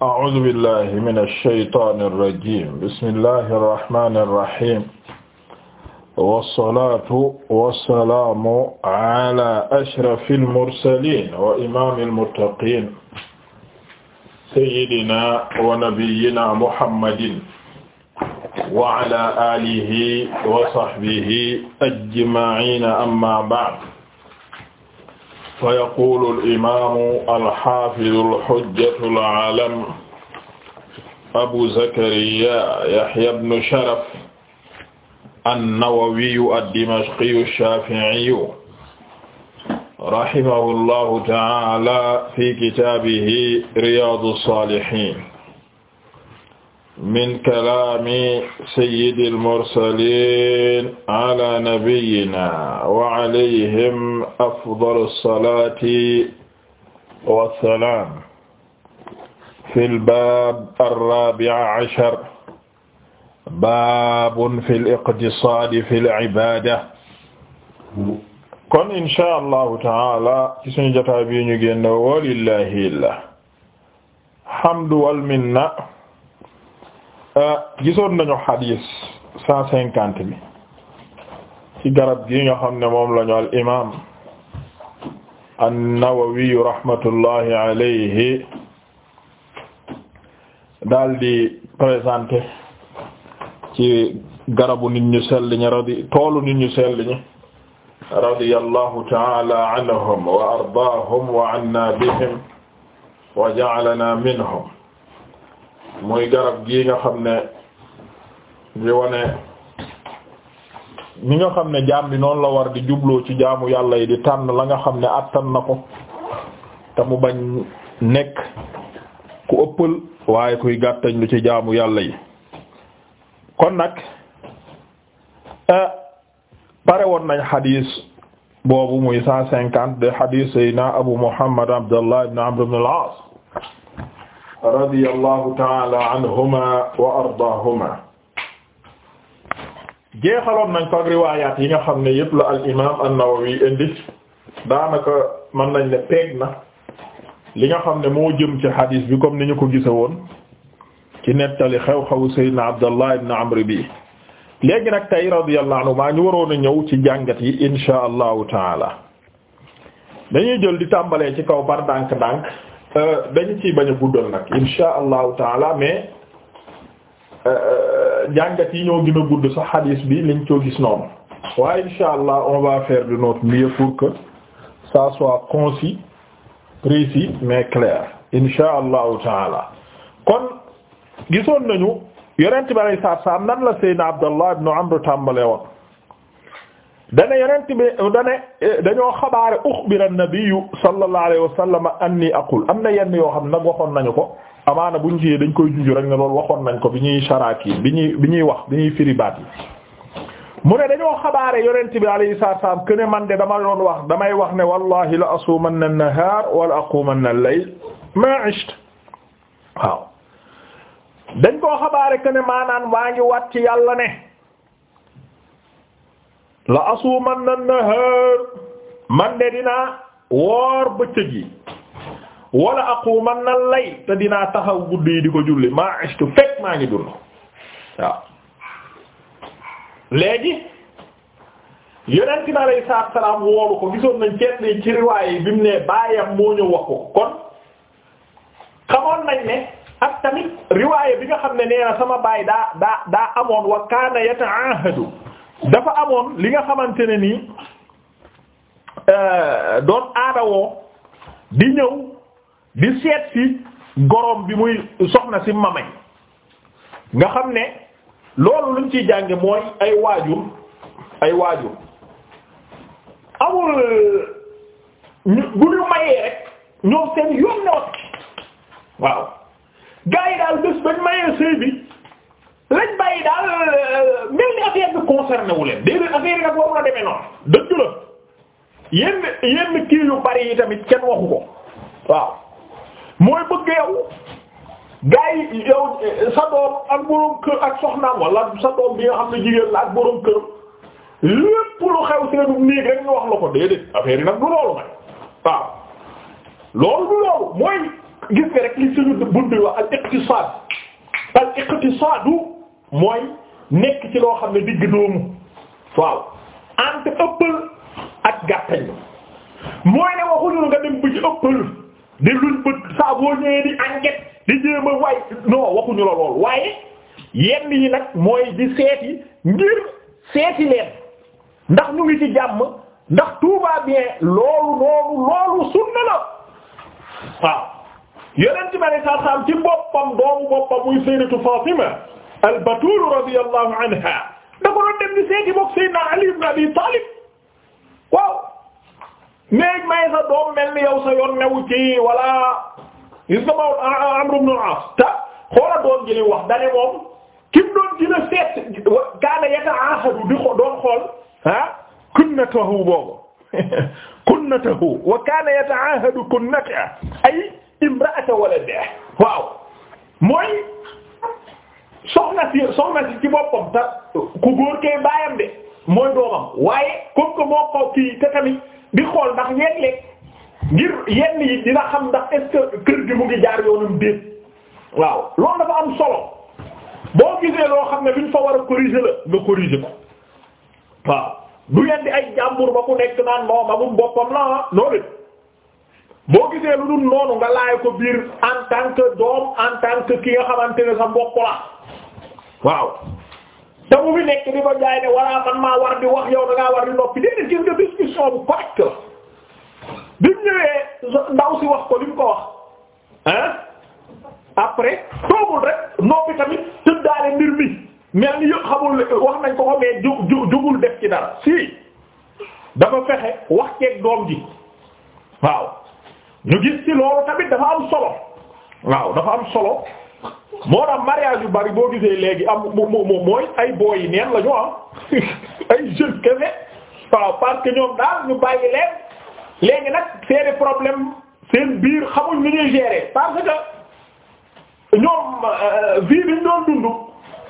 a'uuzu billahi mina shaytaani rajiim bismillahi rahmaani rahiim wasalaatu wasalaamu ala ashrafil mursaliin wa imaamil muttaqiin sayyidinaa wa nabiyyinaa muhammadin wa ala aalihi wa sahbihi ajma'iina amma ba'd fa yaqulu al-imaamu al-haafidu al-hujjatu al-aalam Abu Zakariyaa Yahya ibnu Sharaf an-Nawawiyyu ad-Dimashqiyyu ash-Shaafi'iyyu rahimahu Allahu ta'aala fi kitaabihi Riyaadu as-Saalihiin min kalaami sayyidil mursaliin ala nabiyyinaa wa alayhim afdalu salaati wa salaam. fil baab arraabi'a cashar. baabun fil iqtisaadi fil cibaada. kon insha allahu ta'ala ci sunu jotaay bi ñu génn walillaahil hamdu wal minna. Euh, gisoon nañu xadiis cent cinquante bi ci garab gi nga xam ne moom lañu al imaam an-Nawawi rahmatullahi alayhi daal di ci garabu nit ñu sell ñi radi toolu nit ñu sell ñi radiyallahu ta'ala anhum wa ardaahum wa anna bihim wa ja'alana minhum mooy garab gii nga xam ne di wane mi nga xam ne jaam bi noon la war di jubloo ci jaamu yàlla yi di tànn la nga xam ne attan na ko te mu bañ nekk ku ëppal waaye kuy gàttañ lu ci jaamu yàlla yi kon nag eh, pare woon nañ xadiis boobu muy cent cinquante de xadiis sayna abu muhammad abdallah ibn amr ibn al radiyallahu taala anhuma wa nañ ko ak yi nga xam ne yëpp la al imaam an-Nawawi indi daanaka mën nañ ne peeg na li nga xam ne moo jëm ci xadiis bi comme ni ko gisa woon ci nettali xew-xewu Seydina Abdallah ibn Amr bi léegi nag tey radiyallahu anhu maa ñu waroon a ñëw ci jàngat yi insha allahu taala ñu jël di tàmbalee ci kaw par ndànk-ndànk Euh, dañu ciy bañ a guddal nag insha allahu taala mais euh, euh, jàngat yi ñoo gën a gudd sax hadis bi liñ coo gis noonu waaye insha allah on va faire de notre mieux pour que ça soit concis précis mais clair insha allahu taala kon gisoon nañu yonent bi alayhi salaam nan la Seydina Abdallah ibn Amr tàmbale woon dana yonent bi dana dañoo xabaare uxbira nabiyyu sallallahu alayhi wa sallam anni aqul am na yenn yoo xam nag waxoon nañu ko amaana buñ ci dañ koy junj rek ne loolu waxoon nañ ko bi ñuy sharaki bi ñuy bi ñuy wax bi ñuy firibaat yi mu ne dañoo xabaare yonent bi alayhi salaatu wa salaam que man de dama doon wax damay wax ne wallahi la asuumanna an-nahaar wa la aquumanna al-layl ma ishtu waaw dañ koo xabaare que maanaan waa ngi wat ci yàlla ne la man na nahar man de dinaa woor bëccëg yi wala man na lay te dinaa taxaw guddi yi di ko julli maa ishtu fekk maa ngi dund waaw léegi yonent bi alayhi salaam woolu ko gisoon nañ kenn ci riwaay yi bi mu ne baayam moo ñëw wax kon xamoon nañ ne ak tamit riwaay bi nga xam ne nee sama baay daa daa daa amoon wa kaana yataahadu dafa amoon li nga xamante ne nii euh, doon aadawoo di ñëw di seet si goroom bi muy soxna si mamay nga xam ne loolu luñ ciy jànge mooy ay waajur ay waajur amul bu ñu mayee rek ñoom seen yoon ne waaw gaa yi daal bés bañ mayee sëy bi lañ bàyyi daal euh, mel ni affaire bi concerné wu leen déedéet affaire yi nag waru noonu dëgg la yenn yenn kii yu bari yi tamit kenn waxu ko waaw mooy bëgg yow gars yi euh, sa doom ak boroom kër ak soxnaam wala sa doom bi nga xam ne jigéen la ak boroom kër lépp lu xew seenu néeg rek ñu wax la ko déedéet affaire yi nag du loolu nag waaw loolu du loolu mooy gis nga rek li suñu bunt wax al iqtisaad al iqtisaadu mooy nekk ci loo xam ne digg doomu waaw entre ëppal ak gàttañ mooy ne waxuñu nga dem ba ëppal di luñ bët saa boo ñëwee di enquête di jéem a waay waxuñu la lool waaye yenn yi nag mooy di seeti ngir seeti leen ndax ñu ngi ci jàmm ndax tout va bien loolu loolu loolu sunna la waaw yeneen ci bari saa saam ci boppam doomu boppam muy Sayyidatu Fatima al-Batul radiyallahu anha da ko doon dem di seeti bokk Seydina Ali ibn Abi Talib waaw mais may sa doom mel ni yow sa yoon newu ci wala gis nga Maodo ah, ah, Amr ibn al-As te xoola doom ji li wax dane moom kim doon dina seet kaana yata'ahadu di ko doon xool ah kunnatahu boobu kunnatahu wa kaana yata'ahadu kunnatahu ay imra'ata waladihi waaw mooy soxna si soxna si ci boppam te ku góor kee baayam de mooy doomam waaye comme que moo ko kii te tamit di xool ndax léeg-léeg ngir yenn yi dina xam ndax est kër gi mu ngi jaar yoonum déet waaw loolu dafa am solo boo gisee loo xam ne luñ fa war a corriger la nga corriger ko waaw du leen di ay jàmbur ba ku nekk naan non magum boppam la ah noonu boo gisee lu dul noonu nga laay ko biir en tant que doom en tant que ki nga xamante ne sa mbokk waaw te bu fi nekk di ko jaay ne walla man maa war di wax yow da ngaa war di noppi déedéet gis nga discussion bu correct la bi ñëwee ndaw si wax ko li mu ko wax ah après toogul rek noppi tamit tëddaale mbir mi mel ni yëpp xamul wax nañ ko ko mais ju jugul def ci dara si dafa fexe wax ceeg doom ji waaw ñu gis ci loolu tamit dafa am solo waaw dafa am solo. moo tax mariage yu bari boo gisee léegi am mu mooy ay booy yi neen la ñu am ay jeunes kese waaw parce que ñoom daal ñu bàyyi leen léegi nag seeni problème seen biir xamuñ ni ñuy gérer parce que ñoom euh, vie bi ñu doon dund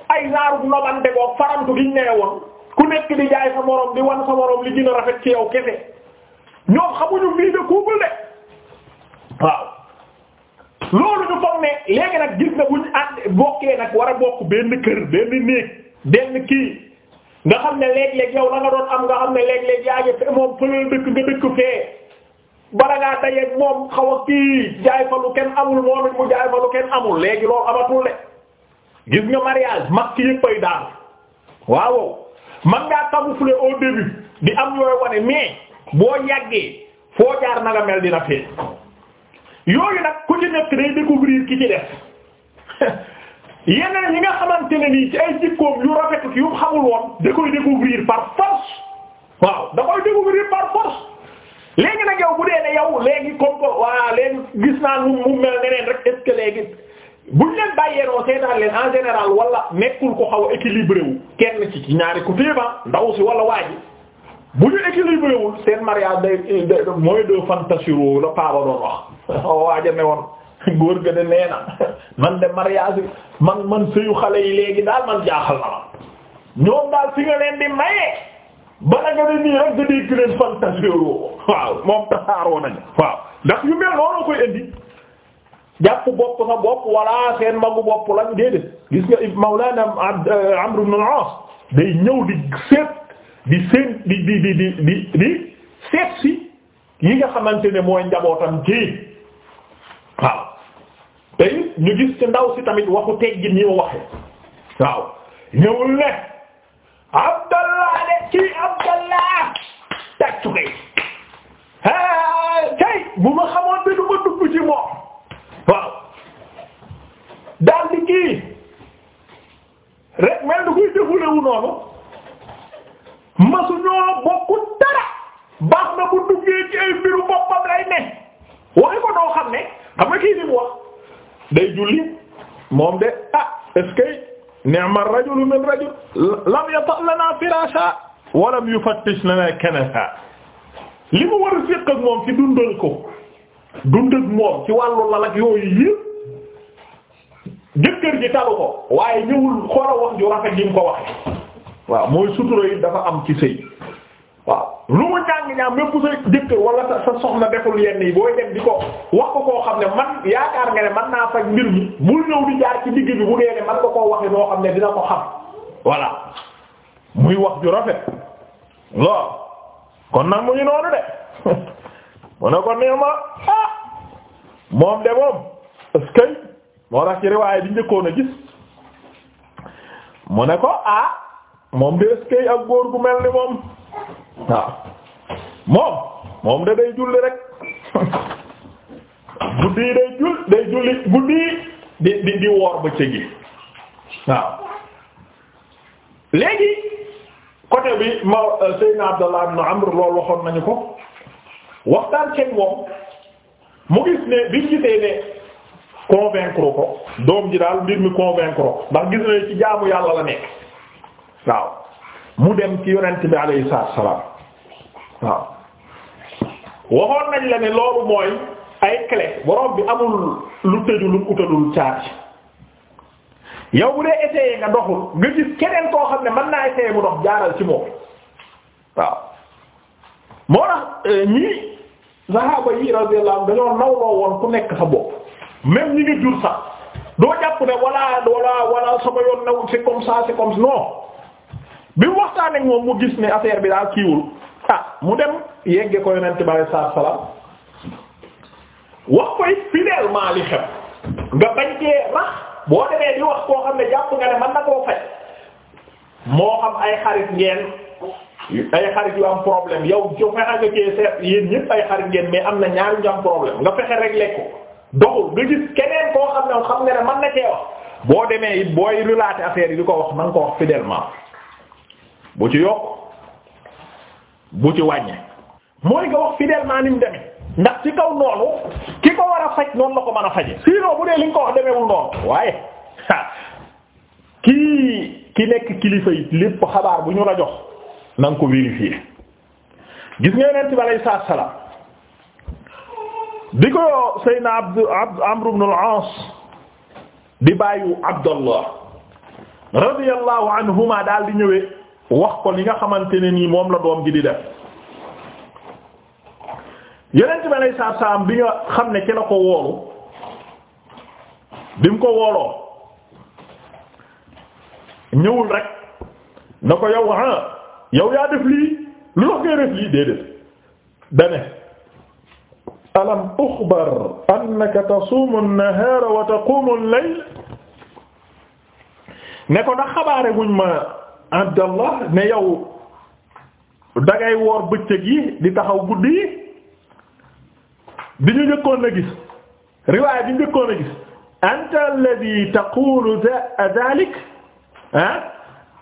ay naaru nobante boog farantu gi ñu nee woon ku nekk di jaay sa morom di wan sa morom li gën a rafet ci yow kese ñoom xamuñu vie de couple de waaw. loolu ñu foog ne léegi nag gis na bu ñu ànd bokkee nag war a bokk benn kër benn néeg benn kii nga xam ne léeg-léeg yow la doon am nga xam ne léeg-léeg yaa moom fëlal dëkk nga dëkk fee bala ngaa dajeeg moom xaw a kii jaay fa lu kenn amul moom mu jaay fa lu kenn amul léegi loolu amatul de gis nga mariage mag ki yëppay daal waaw man ngaa camoufler au début di am yooyu wane mais boo yàggee foo jaar na mel dina fee yooyu nag ku ci nekk day découvrir ki ci def yeneen yi nga xamante ne nii ci ay jikkoom yu rafet yu xamul woon da koy découvrir par force waaw da koy découvrir par force léegi nag yow bu dee ne yow léegi comme que waa léegi gis naa lu mu mel neneen rek est-ce que léegi buñ leen bàyyeeroo seetaan leen en général wala nekkul ko xaw a équilibré kenn ci ñaari ku téeba ndaw si wala waa ji bu ñu équilibré wul seen mariage day mooy deux fantasiro la paaba doon wax waaja ne man de mariage xale yi léegi daal man jaaxal na ma ñoom daal waaw moom tasaaroo nañu waaw ndax yu mel noonu koy indi jàpp bopp sa bopp wala seen magu bopp lañ déedéet gis nga Mawlana euh, Amr ibn al day ñëw di seet di seen di di di di seet si yi nga xamante ne mooy njabootam ci waaw tey ñu gis ci ndaw si tamit waxu teggin ñi ma waxe waaw ñëwul ne Abdallah de ci Abdallah tàccu kay kay bu ma xamoon bi du ma dugg ci moom waaw daal di kii rek mel ni kuy défulewu noonu masu ñoo bokku dara baax na bu duggee ci ay mbiru boppam lay ne waxe ko doo xam ne xam nga kii ni mu wax day julli moom de ah est-ce que ni'ma rajulu min rajul lam yata lana firasha wa lam yufattish lana kanasa li mu war a séq ak moom ci dundal ko dundal moom ci wàllu lal ak yooyu yëpp jëkkër ji talu ko waaye ñëwul xool a wax ju gi mu ko waxe waaw mooy sutura yi dafa am ci sëy lu mu ñàng ñaam même bu sa jëkkër wala sa soxna deful yenn yi booy dem di ko wax ko koo xam ne man yaakaar nga ne man naa faj mbir mi bul ñëw di jaar ci digg bi bu dee ne man nga koo waxee noo xam ne dina ko xam voilà muy wax ju rafet lool kon nag mu ngi noonu de mu ne ko nee ah, moom de moom est moo tax ci riwaay bi njëkkoon a gis mu ne ko ah moom de est ak góor gu mel ni moom waaw moom moom da day julli rek guddi yi day jul day julli guddi yi di di di woor bëccëg yi waaw léegi côté bi ma euh, Seydina Abdallah ibn Amr loolu waxoon nañu ko waxtaan ceeb moom mu gis ne biñ gisee ne convaincre ko doom ji daal mbir mi convaincre ko ndax gis na ci jaamu yàlla la nekk waaw mu dem ci yonent bi alayhi salaam waaw waxoon nañ la ne loolu mooy ay clé borom bi amul lu tëju lu utalul caabi yow bu dee essayé nga doxul nga gis keneen koo xam ne mën naa essayé mu dox jaaral ci moom waaw moo tax euh, ñii sahaaba yi radiyallahu anhum dañoo nawloo woon ku nekk sa bopp même ñi nga jur sax doo jàpp ne walla walla walla sama yoon naw c'est comme ça c'est comme ça bi mu waxtaan ak moom mu gis ne affaire bi daal kiiwul ah mu dem yegge ko yonent bi alayhi salaatu wax koy fidèlement li xew nga bañ cee rax boo demee di wax koo xam ne jàpp nga ne man na koo moo xam ay xarit ngeen ay xarit yu yow jo fexe nga ay xarit ngeen mais am na ñaari ñu am problème nga fexe régler ko xam nga ne man wax boo demee it booy relater affaire yi di ko wax na ko wax fidèlement bu ci yokk bu ci wàññe mooy nga wax fidèlement ni mu demee ndax ci kaw noonu ki ko war a faj noonu la ko mën a faje sinon bu dee li ko wax demeewul noonu waaye kii ki nekk kilifa yi lépp xabaar bu ñu la jox na nga ko vérifier gis nga yonent bi alayhi salaatu salaam di ko Seydina Abd Abd Amr ibn al-Aas di bàyyu Abdallah radiyallahu anhuma daal di ñëwee wax ko li nga xamante ne nii moom la doom gi di def yeneen ci ma lay saab saam bi nga xam ne ci la ko woolu bi mu ko wooloo ñëwul rek na ko yow ah yow yaa def lii lu la ngay def lii déedéet dane alam uxbar annaka tasuumu an wa taquumu al ne ko da xabaare guñ ma abdallah ne yow dangay woor bëccëg yi di taxaw guddi yi bi ñu njëkkoon a gis riwaaya bi ñu njëkkoon a gis anta alladhi taqulu dhalik ah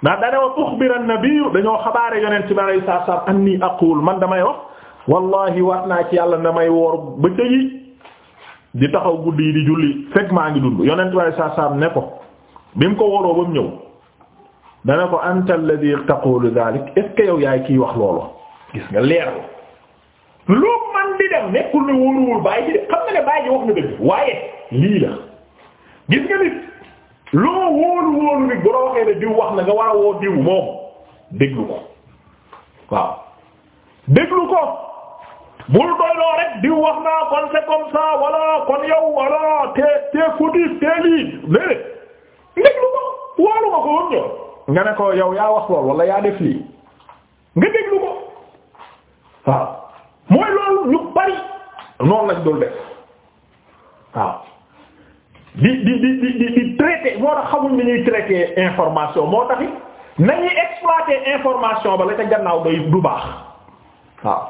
ndax dane wa uxbira an-nabiyyu dañoo xabaare yoneen bi alayhi salaatu wa salaam aqul man damay wax wallahi waat naa ci yàlla damay woor bëccëg yi di taxaw guddi yi di julli fekk maa ngi dund yonent bi alayhi salaatu wa ne ko bi mu ko woroo ba ñëw dana ko anta alladhi taqulu dhalik est ce yaay kiy wax loolu gis nga leerlu lu man di dem nekkul ne wóoruwul bàyyi ji de xam nga ne bàyyi ji wax na dëgg waaye lii gis nga nit loo wóolu wóolu nit bu la diw wax na nga war diw moom déglu ko waaw déglu ko bul doyloo rek diw wax naa kon c'est comme ça kon yow walla te te fautif te lii léeg déglu ko wóolu nga ko woon ñëw nga ne ko yow yaa wax lool wala yaa def lii nga déglu ko waaw mooy loolu ñu bari noonu lañ dul def waaw di di di di di traité moo tax xamuñ ni ñuy traité information moo taxit nañuy exploiter information ba la ca gannaaw day du baax waaw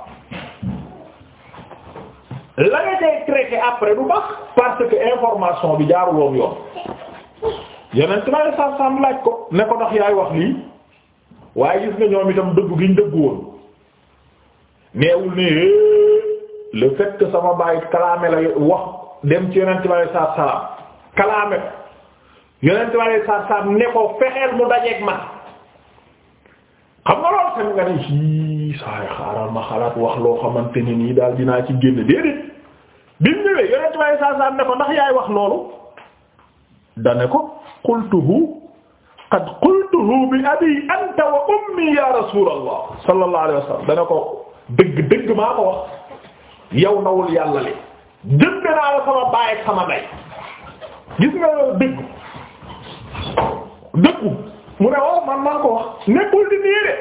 la nga day traité après du baax parce que information bi jaarul woon yoon. yeneen ci ma sa laaj ko ne ko ndax yaay wax lii waaye gis nga ñoom itam dëggu gi ñu dëggu woon neewul ne le fait que sama bàyyi kalaame la wax dem ci yeneen ci ma sa kalaame yeneen ci ma sa salaam ne ko fexeel mu dajeeg man xam nga loolu sax nga ne hi saay xaaral ma xalaat wax loo xamante ne nii daal dinaa ci génn déedéet bi mu ñëwee yeneen ci ma ne ko ndax yaay wax loolu dane ko qultuhu qad qultuhu bi abi anta wa ummi ya rasulallah sallallahu alayhi wa sallam dana ko dëgg dëgg maa ko wax yow nawul yàlla li jënd naa la sama baay ak sama ndey gis nga yow dëgg dëggu mu ne waaw oh, man maa ko wax nekkul di nii de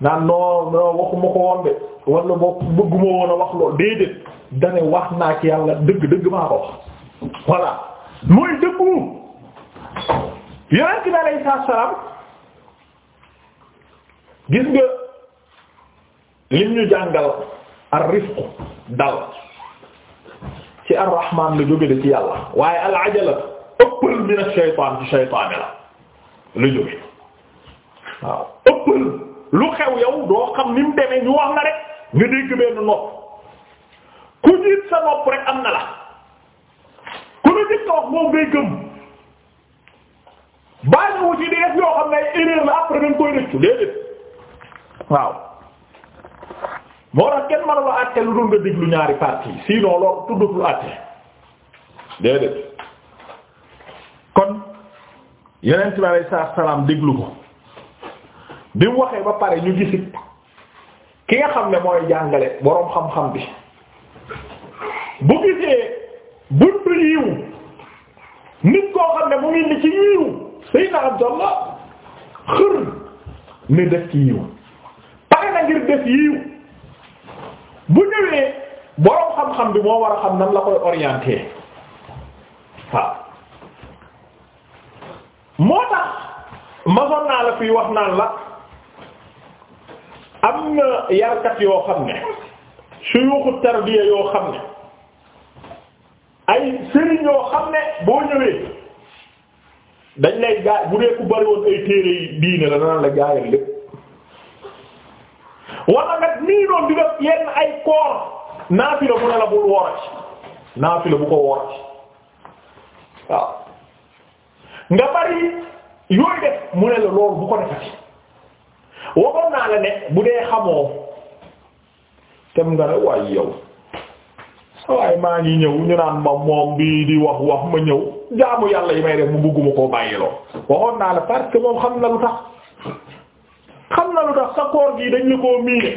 naan non non waxuma ko woon de wala boo bëgguma woon a wax loolu déedéet dane wax naa ci yàlla dëgg dëgg maa ko wax voilà mooy dëggu yonent bi alayhi salaam gis nga lim ñu jàngal ar-rifq dal ci ar-rahmaan la jóge de ci yàlla waaye al-ajala ëppal min ash-shaytaan ci shaytaan la la jóge waaw lu xew yow doo xam ni mu ñu wax na rek nga dégg benn nopp ku jiit sa nopp rek am na la ku la jëkk wax moom ngay bàyyi wu ci di def yoo xam ne erreur la après dañ koy rëccu déedéet waaw moo tax kenn mënu àtte lu dul nga déglu ñaari parties sinon loolu tuddatul àtte déedéet kon yeneen bi aley salaam déglu ko bi mu waxee ba pare ñu gisit ki nga xam ne mooy jàngale boroom xam-xam bi bu gisee buntu yiw nit koo xam ne mu ngi ni ci yiw Seydina Abdallah xër ne def ci yiw pare na ngir def yiw bu ñëwee boroom xam-xam bi moo war a xam nan la koy orienté waaw moo tax masoon naa la fii wax naan la am na yarkat yoo xam ne suyuxu tarbiya yoo xam ne ay sëriñ yoo xam ne boo ñëwee dañ lay gaay bu dee ku bariwoon ay téere yi la danaan la gaayal lépp wala nag nii doon di def ay koor naafila mu ne la bul woor ci naafila bu ko woor nga bari yooyu def mu ne la loolu bu ko naa la ne bu dee xamoo tem nga ne waaye yow waaye maa ngi naan ma bi di wax wax ma ñëw jaamu yàlla yi may def mu bëgguma koo bàyyiloo waxoon naa la parce que moom xam na lu tax xam na lu tax sa koor gi dañ la koo miine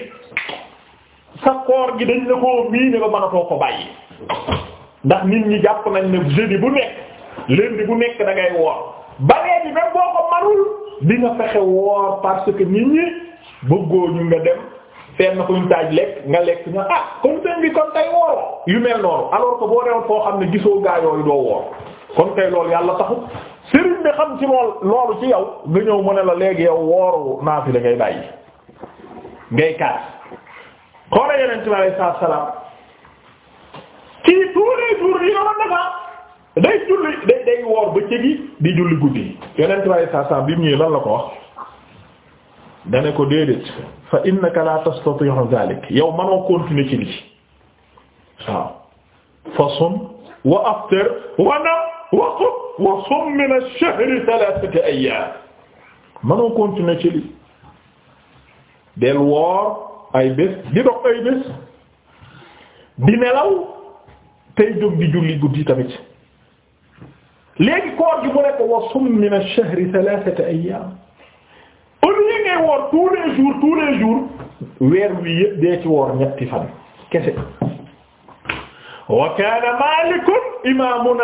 sa koor gi dañ la koo miine ba mënatoo ko bàyyi ndax nit ñi jàpp nañ ne jeudi bu nekk lundi bu nekk da ngay woor balee bi même boo ko manul di nga fexe woor parce que nit ñi bëggoo ñu nga dem fenn kuñ taaj lekk nga lekk nga ah kon seen bi kon tey woor yu mel noonu alors ko boo dem foo xam ne gisoo gaa yooyu doo kon kay loolu yàlla taxut sëriñ bi xam ci lool loolu ci yow nga ñëw mu ne la léegi yow wooru naafila ngay bàyyi ngay kaas xoola yonent bi alayhi salaatu salaam kii tuuri tuuri yi nga man day julli day day woor bëccëg yi di julli guddi yi yonent bi alayhi salaatu salaam bi mu ñëwee lan la ko wax dane ko déedéet fa innaka la tastati'u dhalik yow manoo continuer ci lii waaw fa wa aftir wa nam wa wa sum min ash-shahri thalathata ayyam mënoo continuer ci li del woor ay bés di dox ay bés di nelaw tey jóg di julli guddi tamit léegi koor gi mu nekk wa sum min ash-shahri thalathata ayyam au lieu ngay woor tous les jours tous les jours weer wi yëpp dee ci woor kese wa kaana maalikun imaamuna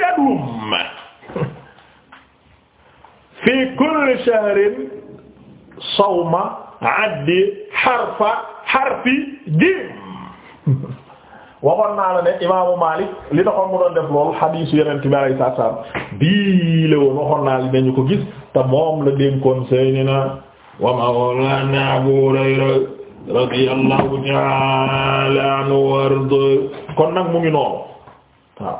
yadum fi kulli shahrin sawma addi xarfa xarfi jim waxoon naa la ne imaamu Maalik li taxoon mu doon def loolu xadiisu Yonent bi alayhi salaatu wa salaam bii la woon waxoon naa li dañu ko gis te moom la dénkoon Seydina wa Mawlaana Abu Hurayra radiyallahu ta'ala anhu ward kon nag mu ngi noonu waaw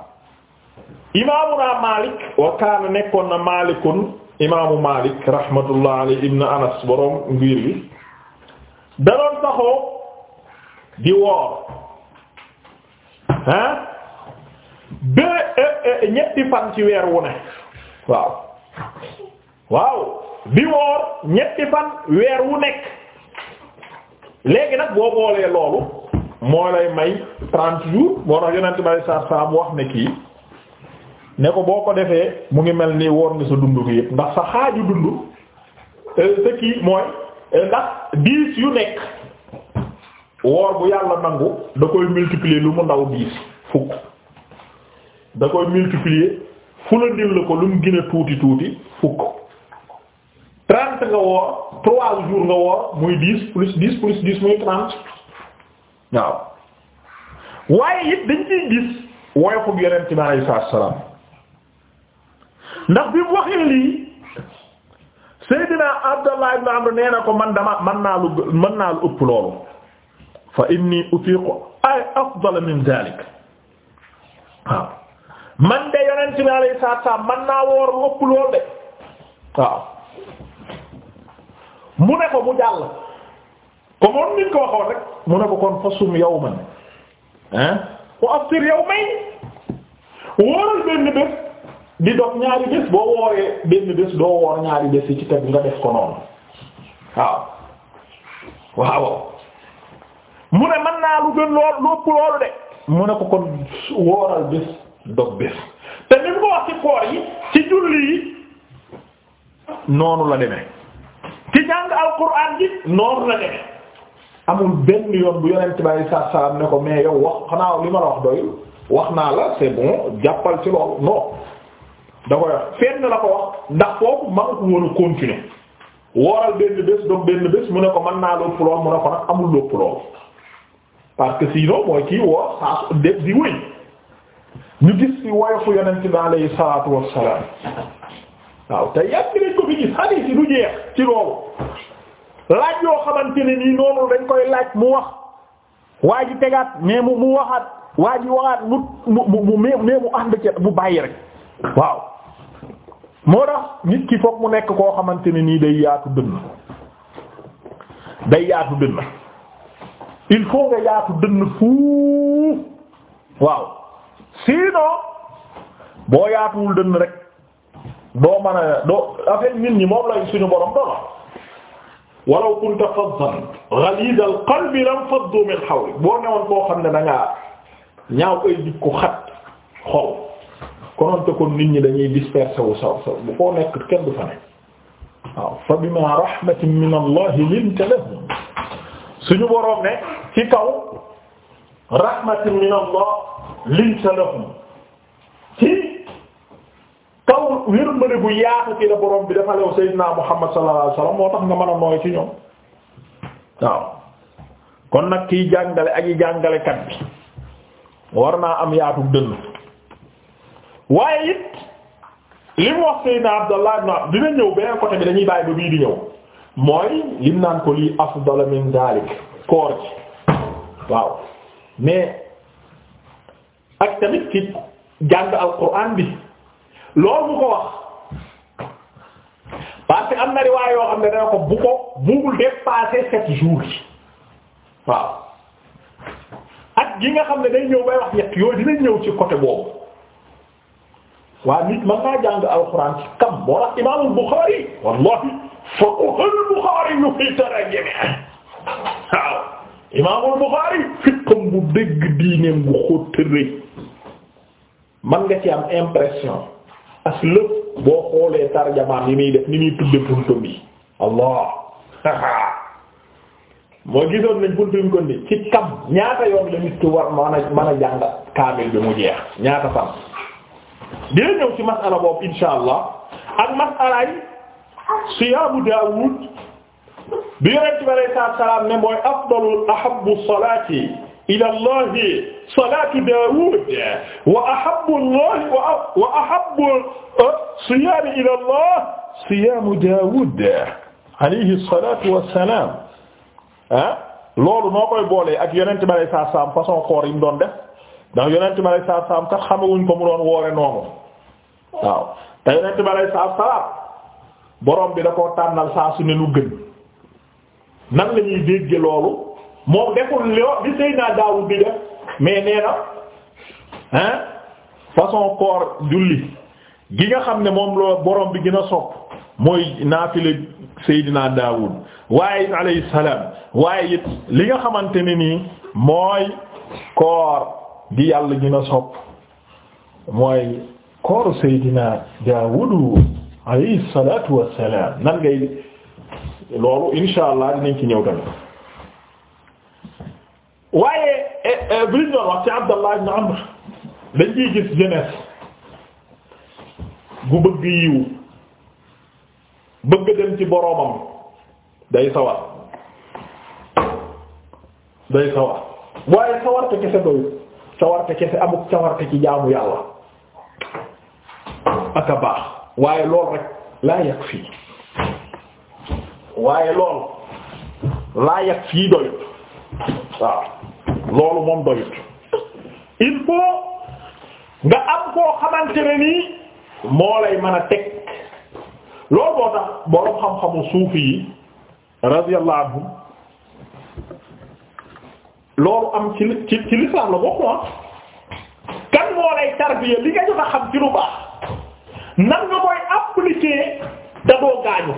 imaamuna Maalik wa kaana nekkoon na Maalikun imaamu Maalik rahmatullah ibn Anas borom ngir bi da saxoo di woor ah ba e, e, e, ñetti fan ci weer wu ne waaw waaw di woor ñetti fan weer wu nekk léegi nag boo boolee loolu moo lay may trente jours boo tax yonent bay saa saa mu wax ne yi ne ko boo ko defee mu ngi mel ni woor nga sa dund bi yëpp ndax sa xaaju dund euh, sa kii mooy euh, ndax dix yu nekk woor bu yàlla nangu da koy multiplier lu mu ndaw dix fukk da koy multiplier fulandil la ko lu mu gën a tuuti tuuti fukk trente nga woor trois jours nga woor muy dix plus dix plus dix muy trente waaw waaye it dañ ciy gis woyofug yonent bi alayhi salaatu salaam ndax bi mu waxee lii Seydina Abdallah ibn Amr nee man dama man naa lu mën naa lu ëpp loolu fa inni utiqu ay afdal min zalik waaw man de yonent bi alayhi salaam man naa woor lu ëpp loolu de waaw mu ne ko mu jàll comme moom niñ ko waxoon rek mu ne ko kon fasum yawman ah wa aftir yawmayn wóoral benn bés di dox ñaari bés boo wooree benn bés doo woor ñaari bés ci tegu nga def ko noonu waaw waaw mu ne mën naa lu gën lool lu ëpp loolu de mu ne ko kon wóoral bés dog bés te ni mu ko wax ci koor yi ci julli yi noonu la demee. jàng alquran ji noonu la demee amul benn yoon bu yonent bi alayhi salaam ne ko mais yow wax xanaa li ma la wax doyul wax naa la c'est bon jàppal ci loolu non da koy fenn la ko wax ndax foofu ma ko woon continuer wooral benn bés doom benn bés mu ne ko man naa lópp lool mu ne ko nag amul lópp lool parce que sinon mooy kii woor saa su def di wéy ñu gis ci woyofu yonent bi alayhi salaatu wassalaam waaw te yàgg nañ ko fi gis xadiis yi du jeex ci loolu laaj yoo xamante ne nii noonu dañ koy laaj mu wax waa ji tegaat mais mu mu waxaat waa ji waxaat mu mu mu ànd ci mu bàyyi rek waaw moo tax nit ki foog mu nekk koo xamante ne nii day yaatu dënn day yaatu dënn il faut nga yaatu dënn fuuf waaw sinon boo yaatuwul dënn rek doo mën a doo affaire ñi moom lay suñu borom dola walaw kunta faddan ghalid al qalbi faddu min hawlik boo newoon boo xam ne da ngaa ñaaw ay jikko xat xol konoon te kon nit ñi dañuy disperser wu saw saw bu koo nekk kenn du fa nekk waaw fa bima rahmatin min allah linta lahum suñu borom ne ci kaw rahmatin min allah linta lahum kaw yërmande bu yaatu ci la borom bi dafa lew Seydina Muhammad sallallahu alayhi wasallam moo tax nga mën a nooy ci ñoom waaw kon nag kiy jàngale ak yi jàngalekat bi war naa am yaatu dënn waaye it li mu wax Seydina Abdallah ibn Abd dina ñëw beneen côté bi dañuy bàyyi ba bii di ñëw mooy lim naan ko lii afdal min dalik koor ci waaw mais ak tamit ci jàng al-Qur'an bi loolu mu ko wax parce que am na riwaay yoo xam ne dana ko bu ko bugul dépasser sept jours yi waaw ak gi nga xam ne day ñëw bay wax ñett yooyu dina ñëw ci côté boobu waa nit man ngaa jàng alxuraan ci kam moo imaamul Buxaari wallahi fiqhul Buxaari yu fi tarjama waaw imaamul Buxaari fiqhum bu dégg diineem bu xóot tërëy man nga ci am impression as boo xoolee tarjamaam yi muy def ni muy tudde buntu bi allah moo gisoon nañ buntu ñu ko ni ci kam ñaata yoon la nit ki war man a man kaamil bi mu jeex ñaata fan dina ñëw ci masala boobu insha allah ak masalaay siyaamu daawud bi yonent bi alayhi salaam ne mooy afdalul ahabbu salaati ila llahi salatu wa ahabbu llahi wa ahabbu siyaami ila llahi siyaamu ah loolu noo koy boolee ak yonent bi alayhi salaatu salaam façon xoor yi mu doon def ndax yonent bi alayhi salaatu salaam kat ko mu doon woore noonu waaw te yonent bi borom bi da koo tànnal saa su ne lu gën nan la ñuy dégg loolu. moom deful li li Seydina Daawud bi def mais nee na façon koor julli gi nga xam ne moom loo borom bi gën a sob mooy naafile Seydina Daawud waaye alayhi salaam waaye it li nga xamante ne nii mooy koor gi yàlla gën a sopp mooy kooru Seydina Daawud alayhi salaatu wassalaam nan ngay loolu insha allah dinañ ci ñëw tamit waaye eh, eh, bi ñu doon wax ci Abdallah ibn Amr dañ ciy gis jeunesse gu bëgg yiw bëgg dem ci boroomam day sawar day sawar waaye sawarte kese doyu sawarte kese amuk sawarte ci jaamu yàlla aka baax waaye lool rek laa yàq waaye lool laa yàq fii waaw loolu moom doyut il faut nga am koo xamante ne nii moo lay mën a teg loolu boo tax borom xam-xamu suufi yi anhum loolu am ci ci ci lislaam la bokk ah moo lay tarbiya li nga jot a xam ci lu baax nan nga koy appliquer te doo gaañu.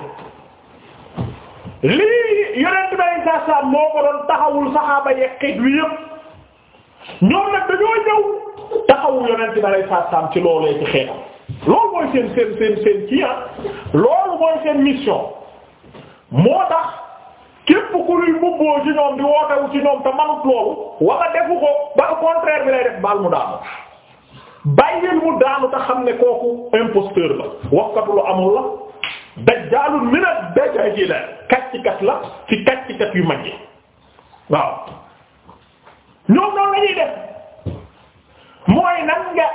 lii yonent bi saa saa moo ko doon taxawul saxaaba yeeg xeet wi yëpp ñoom nag dañoo ñëw taxawu yonent bi saa saa ci loolee ci xeetam loolu mooy seen seen seen seen kii ah. loolu mooy seen mission moo tax képp ku luy mbubboo ci ñoom di wootewu ci ñoom te manut loolu wala defu ko ba contraire bi lay def baal mu daanu bàyyil mu daanu te xam ne kooku imposteur la waxkatu lu amul la. dajjaalun min ad-dajaajila kàccikat la ci kàccikat yu mag yi waaw ñoom noonu la mooy nan li nga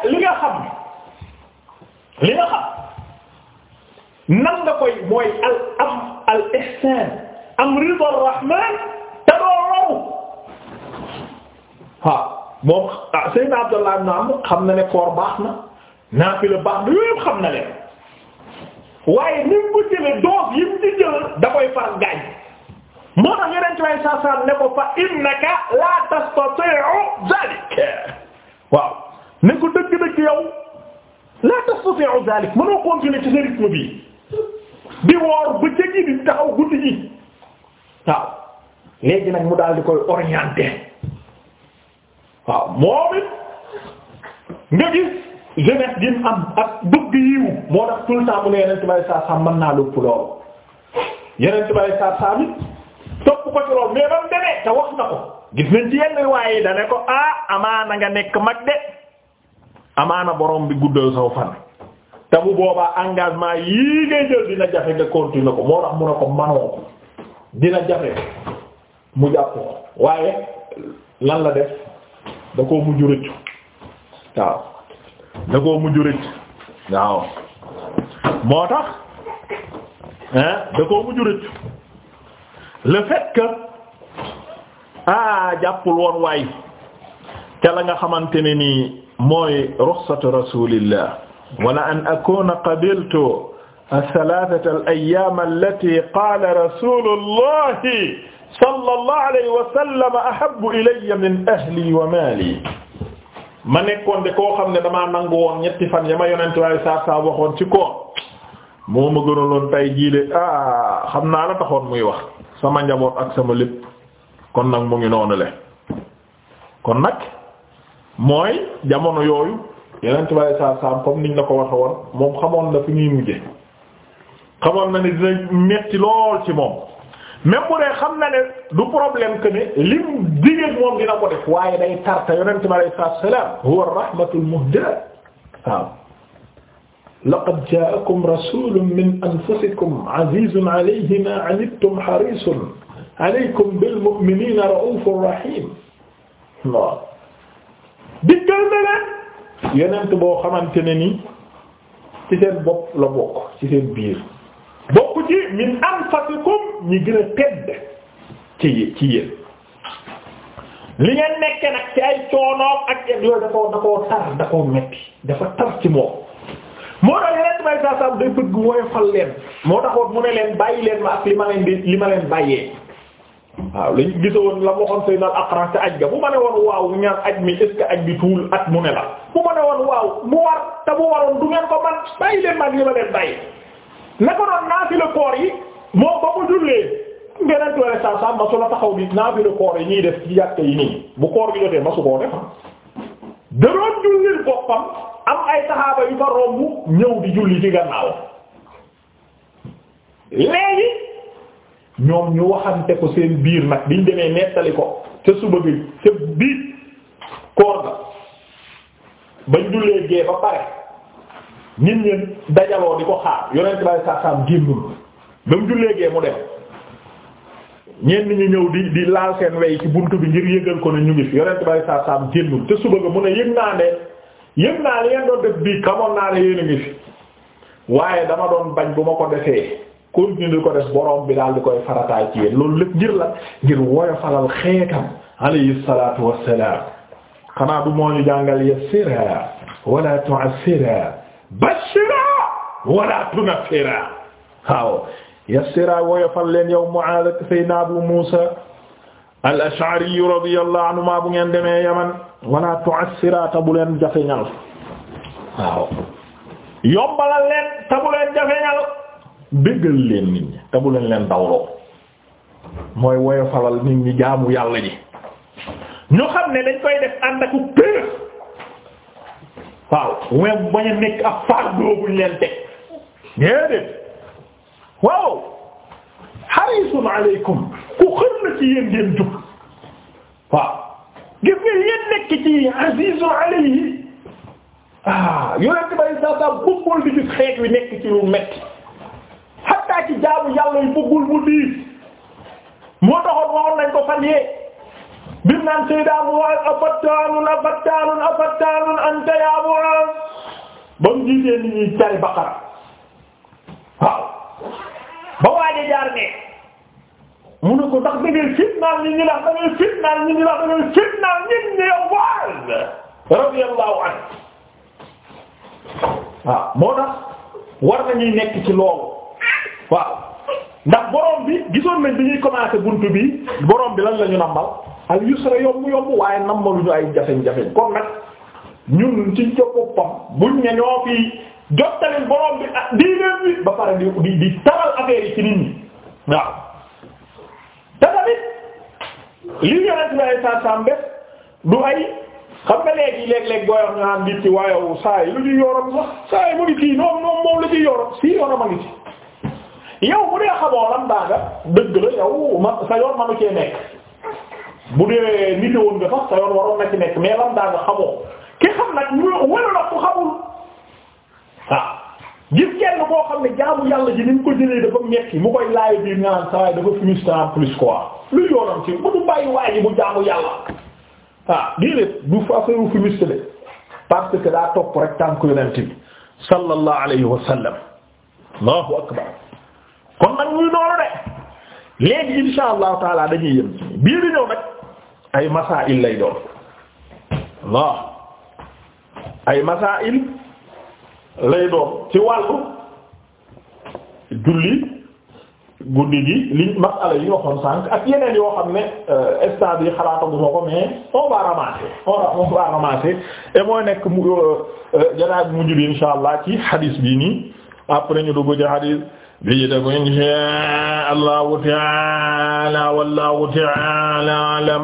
li nga xam koy mooy al am al ihsaan am rida rahmaan te doo loru waaw moom ah, Seydina Abdallah xam na ne koor baax na naafila baax na yooyu xam na leen. waaye ni mu ko jëlee doos yi mu ci jël da koy faral gaañ moo tax yeneen ci saa saa ne ko fa innaka la tastati'u zalik waaw ne ko dëgg-dëgg yow la tastati'u zalik mënoo continuer ci sa rythme bi di woor ba jéggi di taxaw guddi gi waaw léegi nag mu daal di koy orienter waaw moom it nga jeunesse gi mu am ak bëgg yiw moo tax tout temps mu ne yeneen tubaab saa saa mën naa lëpp lool yeneen tubaab yi saa saa bi topp ko ci lool mais ba mu demee te wax na ko gis nañ ci yenn waaye da ne ko ah amaana nga nekk mag de amaana borom bi guddal saw fan. te bu boobaa engagement yii ngay jël dina jafe nga continuer ko moo tax mu ne ko manoo ko dina jafe mu jàpp ko waaye lan la def da koo mujj rëccu waaw. da koo mujj rëcc waaw moo tax da koo mujj rëcc le fait que ah jàppul woon waay ca la nga xamante ne nii mooy ruxsatu rasulillah wala an akuna qabiltu ath-thalathata al-ayyam allati qala rasulullah sallallahu alayhi wa sallam ahabbu ilayya min ahli wa mali ma nekkoon de koo xam ne damaa nangu woon ñetti fan ya ma yonent waxoon ci koor moo ma gënaloon tay jii de ah xam naa la taxoon muy wax sama njaboot ak sama lépp kon nag mu ngi noonu le kon nag mooy jamono yooyu yonent waaye saa comme niñ la ko waxe woon moom xamoon na fi muy mujje xamoon na ne dina lool ci moom même bu dee xam na ne du problème que ne lim diggéen moom dina waaye day tarta yonente bi alayhi salaatu wa salaam huwa rahmatul muhdaa waaw laqad jaakum rasulun min anfusikum azizun alayhi ma anittum harisun alaykum bil mu'minina ra'ufur boo xamante ne ni ci seen bopp la bokk ci seen biir bokk ci min anfusikum ñi gën a tedd ci ci yéen li ngeen nekke nag ci ay coonoom ak yooyu da koo da koo tar da koo metti dafa tar ci moom moo tax yeneen moo taxoon mu ne leen bàyyi leen ma ak li ma leen li ma leen bàyyee waaw lañu gisoon la waxoon say nal aqran te aj ga bu ma ne woon waaw ñaar aj mi est aj bi tuul at mu ne la bu ma ne woon waaw mu war te mu waroon du ngeen ko man bàyyi leen ma li ma leen bàyyee naka doon naa fi la koor yi saa saa masu taxaw bi naafila koor yi ñuy def ci yi nii bu koor gi jotee masu koo def da ah. doon jullil boppam am ay saxaaba yu fa romb ñëw di julli ci gannaaw léegi ñoom ñu waxante ko seen biir nag biñ demee nettali ko ca suba bi ca biir koor ga bañ jullee gee ba pare nit ñi dajaloo di ko xaar yonent bi sallallahu alayhi wasallam génnul ba mu jullee gee mu dem ñenn ñu ñëw di di laal seen wey ci buntu bi ngir yëgal ko ne ñu ngi fi yonent bay saa saam génnul te suba nga mu ne yëg naa ne yëg naa ne yéen doon def bii xamoon naa ne yéen dama doon bañ bu ma ko defee continuer di ko def borom bi daal di koy farataay ci yéen loolu lépp ngir la ngir woyofalal xeetam alayhi salaatu wassalaam xanaa du moo ñu jàngal yassira wala tu'assira bashira wala tunfira waaw yassira woyofal leen yow Mu'aaz ak Seydina Abu Muusa al-Ash'ari radiyallahu anhuma bu ngeen demee Yaman wala tu'assira ta bu leen jafeñal waaw yombalal leen ta bu leen jafeñal béggal leen nit ñi ta leen leen dawloo mooy woyofalal nit ñi jaamu yàlla ji ñu xam ne dañ koy def ànd ak pér waaw mais bañ nekk ak fardeau buñ leen teg déedéet waaw harisun aleykum ku xër na ci yéen ngeen jub waaw gis nga yéen nekk ci azizun alayhi ah yonent bi alayhi salaam bëggul di gis xeet wi nekk ci lu metti hatta mu diis moo taxoon waxoon nañ ko fan yee bir naan sayda Mu'aaz afattaanun afattaanun afattaanun anta yaa Mu'aaz ba mu gisee ni ñuy Baqara waaw ba waaje jaar ne mu ne ko ndax da ngay fitnaal nit ñi ndax da ngay fitnaal nit ñi ndax da fitnaal nit ñi yow Mu'aaz radiyallahu waaw moo tax war nañuy nekk ci loolu waaw ndax borom bi gisoon nañ bi ñuy commencé buntu bi borom bi lan la ñu nambal al yusra yomb yomb waaye nambaluñu ay jafeñ jafeñ kon nag ñun ci jokko buñ ne ñoo fi jottali borom bi ak diineen bi ba pare di di di taral affaire yi ci nit ñi waaw te tamit li yonent bi ay saa saam du ay xam nga léegi léeg-léeg booy nga naan nit ci waayow saa yi lu ñuy yorom sax saa yi mu ngi kii noom moom moom la ñuy yorom si yorom a ngi ci yow bu dee xamoo lan daaga ma sa yoon manu cee nekk bu dee nite woon nga sa yoon waroon na ci nekk mais lan daaga ki xam nag ñu wala la ko xamul waaw gis kenn koo xam ne jaamu yàlla ji ni mu ko jëlee dafa metti mu koy laaj biir nga naan saa dafa frustré en plus quoi lu yoonam ci mu du bàyyi waa bu jaamu yàlla ah déedéet du façon frustré parce que daa topp rek tànk yonent bi sallallahu alayhi allahu akbar kon nag muy noonu de léegi insha allahu taala dañuy yem bii di ñëw nag ay masaa'il lay doon waaw ay masaa'il. lay doon ci wàllu julli guddi gi liñ masala yi waxoon sànq ak yeneen yoo xam ne euh, stade yi xalaataguma ko mais on va ramasser on va ramasser et mooy nekk mu euh, euh, janaay bi mujj bi insha allah ci hadis bi nii après ñu dugg ci hadis bi ji tegu insha allahu taala wallahu taala alam